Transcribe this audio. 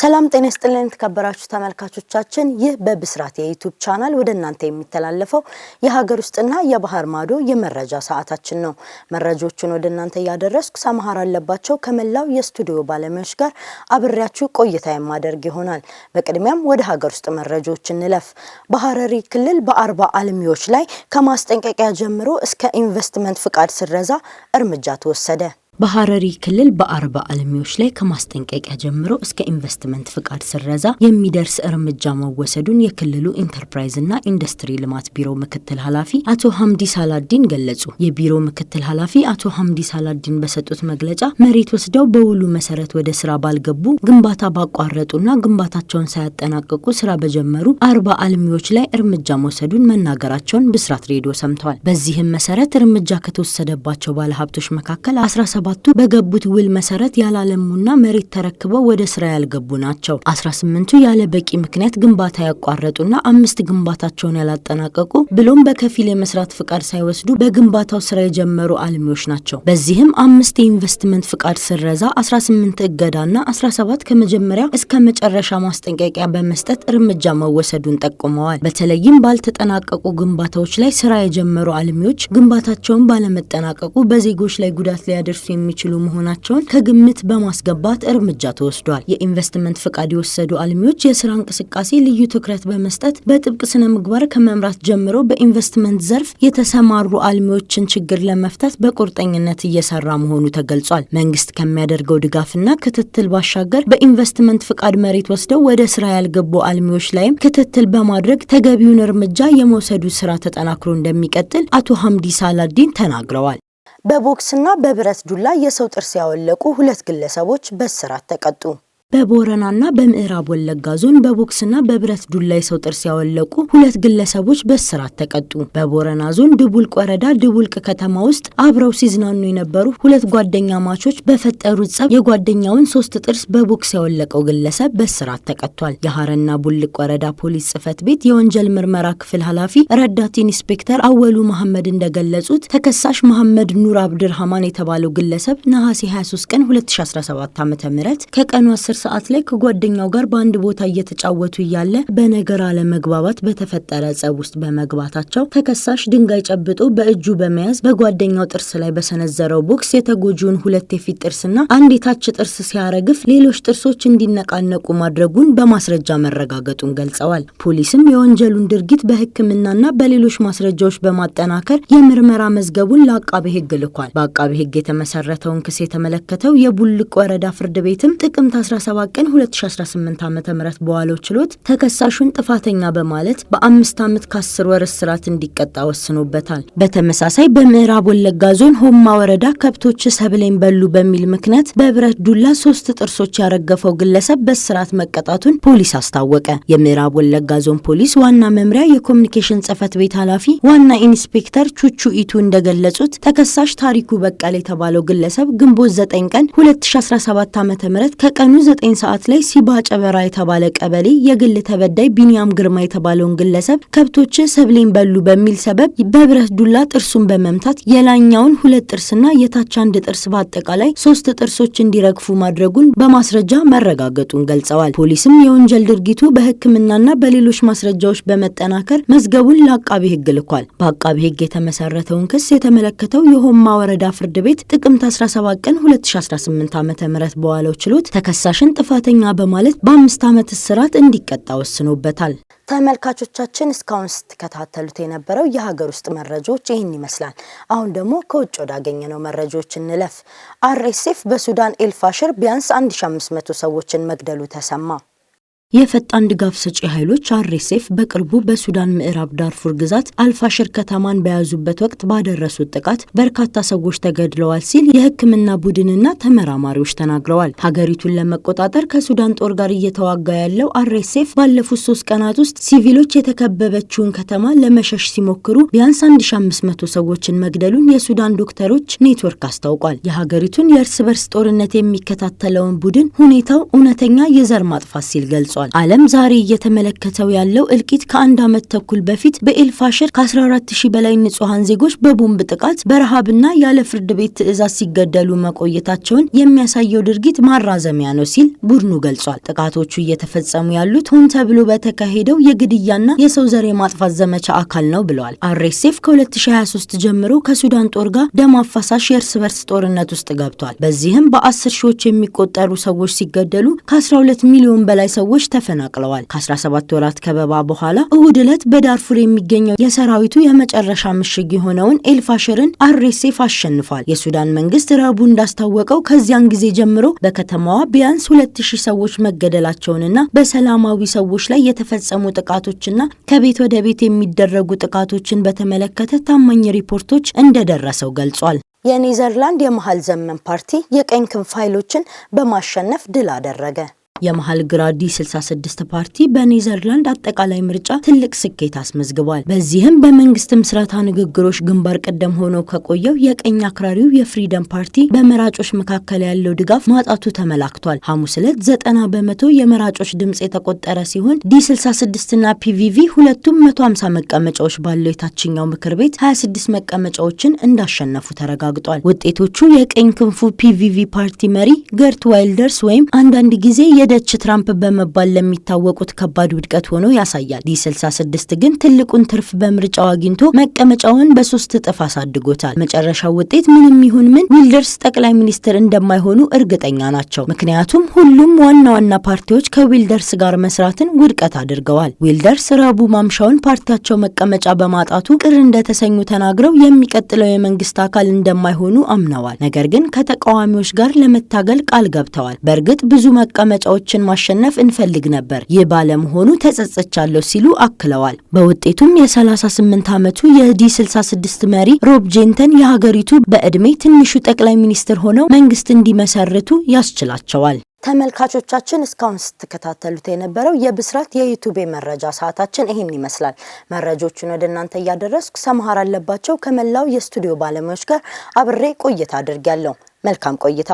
ሰላም ጤና ይስጥልን የተከበራችሁ ተመልካቾቻችን፣ ይህ በብስራት የዩቲዩብ ቻናል ወደ እናንተ የሚተላለፈው የሀገር ውስጥና የባህር ማዶ የመረጃ ሰዓታችን ነው። መረጃዎቹን ወደ እናንተ እያደረስኩ ሰማሃር አለባቸው ከመላው የስቱዲዮ ባለሙያዎች ጋር አብሬያችሁ ቆይታ የማደርግ ይሆናል። በቅድሚያም ወደ ሀገር ውስጥ መረጃዎች እንለፍ። በሀረሪ ክልል በአርባ አልሚዎች ላይ ከማስጠንቀቂያ ጀምሮ እስከ ኢንቨስትመንት ፍቃድ ስረዛ እርምጃ ተወሰደ። በሐረሪ ክልል በአርባ አልሚዎች ላይ ከማስጠንቀቂያ ጀምሮ እስከ ኢንቨስትመንት ፍቃድ ስረዛ የሚደርስ እርምጃ መወሰዱን የክልሉ ኢንተርፕራይዝና ኢንዱስትሪ ልማት ቢሮ ምክትል ኃላፊ አቶ ሀምዲ ሳላዲን ገለጹ። የቢሮ ምክትል ኃላፊ አቶ ሀምዲ ሳላዲን በሰጡት መግለጫ መሬት ወስደው በውሉ መሰረት ወደ ስራ ባልገቡ፣ ግንባታ ባቋረጡና ግንባታቸውን ሳያጠናቅቁ ስራ በጀመሩ አርባ አልሚዎች ላይ እርምጃ መውሰዱን መናገራቸውን ብስራት ሬዲዮ ሰምተዋል። በዚህም መሰረት እርምጃ ከተወሰደባቸው ባለሀብቶች መካከል 17 17ቱ በገቡት ውል መሰረት ያላለሙና መሬት ተረክበው ወደ ስራ ያልገቡ ናቸው። 18ቱ ያለ በቂ ምክንያት ግንባታ ያቋረጡና አምስት ግንባታቸውን ያላጠናቀቁ ብሎም በከፊል የመስራት ፍቃድ ሳይወስዱ በግንባታው ስራ የጀመሩ አልሚዎች ናቸው። በዚህም አምስት የኢንቨስትመንት ፍቃድ ስረዛ፣ 18 እገዳና 17 ከመጀመሪያ እስከ መጨረሻ ማስጠንቀቂያ በመስጠት እርምጃ መወሰዱን ጠቁመዋል። በተለይም ባልተጠናቀቁ ግንባታዎች ላይ ስራ የጀመሩ አልሚዎች ግንባታቸውን ባለመጠናቀቁ በዜጎች ላይ ጉዳት ሊያደርሱ የሚችሉ መሆናቸውን ከግምት በማስገባት እርምጃ ተወስዷል። የኢንቨስትመንት ፈቃድ የወሰዱ አልሚዎች የስራ እንቅስቃሴ ልዩ ትኩረት በመስጠት በጥብቅ ስነ ምግባር ከመምራት ጀምሮ በኢንቨስትመንት ዘርፍ የተሰማሩ አልሚዎችን ችግር ለመፍታት በቁርጠኝነት እየሰራ መሆኑ ተገልጿል። መንግስት ከሚያደርገው ድጋፍና ክትትል ባሻገር በኢንቨስትመንት ፍቃድ መሬት ወስደው ወደ ስራ ያልገቡ አልሚዎች ላይም ክትትል በማድረግ ተገቢውን እርምጃ የመውሰዱ ስራ ተጠናክሮ እንደሚቀጥል አቶ ሀምዲ ሳላዲን ተናግረዋል። በቦክስና በብረት ዱላ የሰው ጥርስ ያወለቁ ሁለት ግለሰቦች በእስራት ተቀጡ። በቦረናና በምዕራብ ወለጋ ዞን በቦክስና በብረት ዱላ የሰው ጥርስ ያወለቁ ሁለት ግለሰቦች በእስራት ተቀጡ። በቦረና ዞን ድቡልቅ ወረዳ ድቡልቅ ከተማ ውስጥ አብረው ሲዝናኑ የነበሩ ሁለት ጓደኛ ማቾች በፈጠሩት ጸብ የጓደኛውን ሶስት ጥርስ በቦክስ ያወለቀው ግለሰብ በእስራት ተቀጥቷል። የሐረና ቡልቅ ወረዳ ፖሊስ ጽፈት ቤት የወንጀል ምርመራ ክፍል ኃላፊ ረዳት ኢንስፔክተር አወሉ መሐመድ እንደገለጹት ተከሳሽ መሐመድ ኑር አብድርሃማን የተባለው ግለሰብ ነሐሴ 23 ቀን 2017 ዓ ም ከቀኑ 10 ሰዓት ላይ ከጓደኛው ጋር በአንድ ቦታ እየተጫወቱ እያለ በነገር አለመግባባት በተፈጠረ ጸብ ውስጥ በመግባታቸው ተከሳሽ ድንጋይ ጨብጦ በእጁ በመያዝ በጓደኛው ጥርስ ላይ በሰነዘረው ቦክስ የተጎጂውን ሁለት የፊት ጥርስና አንድ የታች ጥርስ ሲያረግፍ ሌሎች ጥርሶች እንዲነቃነቁ ማድረጉን በማስረጃ መረጋገጡን ገልጸዋል። ፖሊስም የወንጀሉን ድርጊት በሕክምናና በሌሎች ማስረጃዎች በማጠናከር የምርመራ መዝገቡን ለአቃቤ ሕግ ልኳል። በአቃቤ ሕግ የተመሰረተውን ክስ የተመለከተው የቡልቅ ወረዳ ፍርድ ቤትም ጥቅምት 17 27 ቀን 2018 ዓ ም በዋለው ችሎት ተከሳሹን ጥፋተኛ በማለት በአምስት ዓመት ከአስር ወር እስራት እንዲቀጣ ወስኖበታል። በተመሳሳይ በምዕራብ ወለጋ ዞን ሆማ ወረዳ ከብቶች ሰብሌን በሉ በሚል ምክንያት በብረት ዱላ ሶስት ጥርሶች ያረገፈው ግለሰብ በእስራት መቀጣቱን ፖሊስ አስታወቀ። የምዕራብ ወለጋ ዞን ፖሊስ ዋና መምሪያ የኮሚኒኬሽን ጽህፈት ቤት ኃላፊ ዋና ኢንስፔክተር ቹቹ ኢቱ እንደገለጹት ተከሳሽ ታሪኩ በቀል የተባለው ግለሰብ ግንቦት 9 ቀን 2017 ዓ ም ከቀኑ ዘጠኝ ሰዓት ላይ ሲባ ጨበራ የተባለ ቀበሌ የግል ተበዳይ ቢንያም ግርማ የተባለውን ግለሰብ ከብቶች ሰብሌን በሉ በሚል ሰበብ በብረት ዱላ ጥርሱን በመምታት የላይኛውን ሁለት ጥርስና የታች አንድ ጥርስ በአጠቃላይ ሶስት ጥርሶች እንዲረግፉ ማድረጉን በማስረጃ መረጋገጡን ገልጸዋል። ፖሊስም የወንጀል ድርጊቱ በሕክምናና በሌሎች ማስረጃዎች በመጠናከር መዝገቡን ለአቃቢ ሕግ ልኳል። በአቃቢ ሕግ የተመሰረተውን ክስ የተመለከተው የሆማ ወረዳ ፍርድ ቤት ጥቅምት 17 ቀን 2018 ዓ ም በዋለው ችሎት ተከሳሽን ጌታሁንን ጥፋተኛ በማለት በአምስት ዓመት እስራት እንዲቀጣ ወስኖበታል። ተመልካቾቻችን እስካሁን ስትከታተሉት የነበረው የሀገር ውስጥ መረጃዎች ይህን ይመስላል። አሁን ደግሞ ከውጭ ወዳገኘነው መረጃዎች እንለፍ። አርኤስኤፍ በሱዳን ኤልፋሽር ቢያንስ 1500 ሰዎችን መግደሉ ተሰማ። የፈጣን ድጋፍ ሰጪ ኃይሎች አርኤስኤፍ በቅርቡ በሱዳን ምዕራብ ዳርፉር ግዛት አልፋሽር ከተማን በያዙበት ወቅት ባደረሱት ጥቃት በርካታ ሰዎች ተገድለዋል ሲል የሕክምና ቡድንና ተመራማሪዎች ተናግረዋል። ሀገሪቱን ለመቆጣጠር ከሱዳን ጦር ጋር እየተዋጋ ያለው አርኤስኤፍ ባለፉት ሶስት ቀናት ውስጥ ሲቪሎች የተከበበችውን ከተማ ለመሸሽ ሲሞክሩ ቢያንስ 1500 ሰዎችን መግደሉን የሱዳን ዶክተሮች ኔትወርክ አስታውቋል። የሀገሪቱን የእርስ በርስ ጦርነት የሚከታተለውን ቡድን ሁኔታው እውነተኛ የዘር ማጥፋት ሲል ገልጿል። ገልጿል። ዓለም ዛሬ እየተመለከተው ያለው እልቂት ከአንድ ዓመት ተኩል በፊት በኤልፋሽር ከ14 ሺህ በላይ ንጹሐን ዜጎች በቦምብ ጥቃት በረሃብና ያለ ፍርድ ቤት ትዕዛዝ ሲገደሉ መቆየታቸውን የሚያሳየው ድርጊት ማራዘሚያ ነው ሲል ቡድኑ ገልጿል። ጥቃቶቹ እየተፈጸሙ ያሉት ሆን ተብሎ በተካሄደው የግድያና የሰው ዘር የማጥፋት ዘመቻ አካል ነው ብለዋል። አርኤስኤፍ ከ2023 ጀምሮ ከሱዳን ጦር ጋር ደም አፋሳሽ የእርስ በርስ ጦርነት ውስጥ ገብቷል። በዚህም በአስር ሺዎች የሚቆጠሩ ሰዎች ሲገደሉ ከ12 ሚሊዮን በላይ ሰዎች ተፈናቅለዋል። ከ17 ወራት ከበባ በኋላ እሁድ ዕለት በዳርፉር የሚገኘው የሰራዊቱ የመጨረሻ ምሽግ የሆነውን ኤልፋሽርን አርኤስኤፍ አሸንፏል። የሱዳን መንግስት ረቡዕ እንዳስታወቀው ከዚያን ጊዜ ጀምሮ በከተማዋ ቢያንስ 2000 ሰዎች መገደላቸውንና በሰላማዊ ሰዎች ላይ የተፈጸሙ ጥቃቶችና ከቤት ወደ ቤት የሚደረጉ ጥቃቶችን በተመለከተ ታማኝ ሪፖርቶች እንደደረሰው ገልጿል። የኔዘርላንድ የመሀል ዘመን ፓርቲ የቀኝ ክንፍ ኃይሎችን በማሸነፍ ድል አደረገ። የመሀል ግራዲ 66 ፓርቲ በኔዘርላንድ አጠቃላይ ምርጫ ትልቅ ስኬት አስመዝግቧል። በዚህም በመንግስት ምስረታ ንግግሮች ግንባር ቀደም ሆኖ ከቆየው የቀኝ አክራሪው የፍሪደም ፓርቲ በመራጮች መካከል ያለው ድጋፍ ማጣቱ ተመላክቷል። ሐሙስ ዕለት 90 በመቶ የመራጮች ድምፅ የተቆጠረ ሲሆን ዲ66 እና ፒቪቪ ሁለቱም 150 መቀመጫዎች ባለው የታችኛው ምክር ቤት 26 መቀመጫዎችን እንዳሸነፉ ተረጋግጧል። ውጤቶቹ የቀኝ ክንፉ ፒቪቪ ፓርቲ መሪ ገርት ዋይልደርስ ወይም አንዳንድ ጊዜ የ ወደች ትራምፕ በመባል ለሚታወቁት ከባድ ውድቀት ሆኖ ያሳያል። ዲ66 ግን ትልቁን ትርፍ በምርጫው አግኝቶ መቀመጫውን በሶስት እጥፍ አሳድጎታል። መጨረሻው ውጤት ምንም ይሁን ምን ዊልደርስ ጠቅላይ ሚኒስትር እንደማይሆኑ እርግጠኛ ናቸው። ምክንያቱም ሁሉም ዋና ዋና ፓርቲዎች ከዊልደርስ ጋር መስራትን ውድቀት አድርገዋል። ዊልደርስ ረቡዕ ማምሻውን ፓርቲያቸው መቀመጫ በማጣቱ ቅር እንደተሰኙ ተናግረው የሚቀጥለው የመንግስት አካል እንደማይሆኑ አምነዋል። ነገር ግን ከተቃዋሚዎች ጋር ለመታገል ቃል ገብተዋል። በእርግጥ ብዙ መቀመጫዎች ዋንጫዎችን ማሸነፍ እንፈልግ ነበር። ይህ ባለመሆኑ ተጸጸቻለሁ ሲሉ አክለዋል። በውጤቱም የ38 ዓመቱ የዲ 66 መሪ ሮብ ጄንተን የሀገሪቱ በዕድሜ ትንሹ ጠቅላይ ሚኒስትር ሆነው መንግስት እንዲመሰርቱ ያስችላቸዋል። ተመልካቾቻችን እስካሁን ስትከታተሉት የነበረው የብስራት የዩቱቤ መረጃ ሰዓታችን ይህን ይመስላል። መረጆቹን ወደ እናንተ እያደረስኩ ሰምሃር አለባቸው ከመላው የስቱዲዮ ባለሙያዎች ጋር አብሬ ቆይታ አድርጊያለሁ። መልካም ቆይታ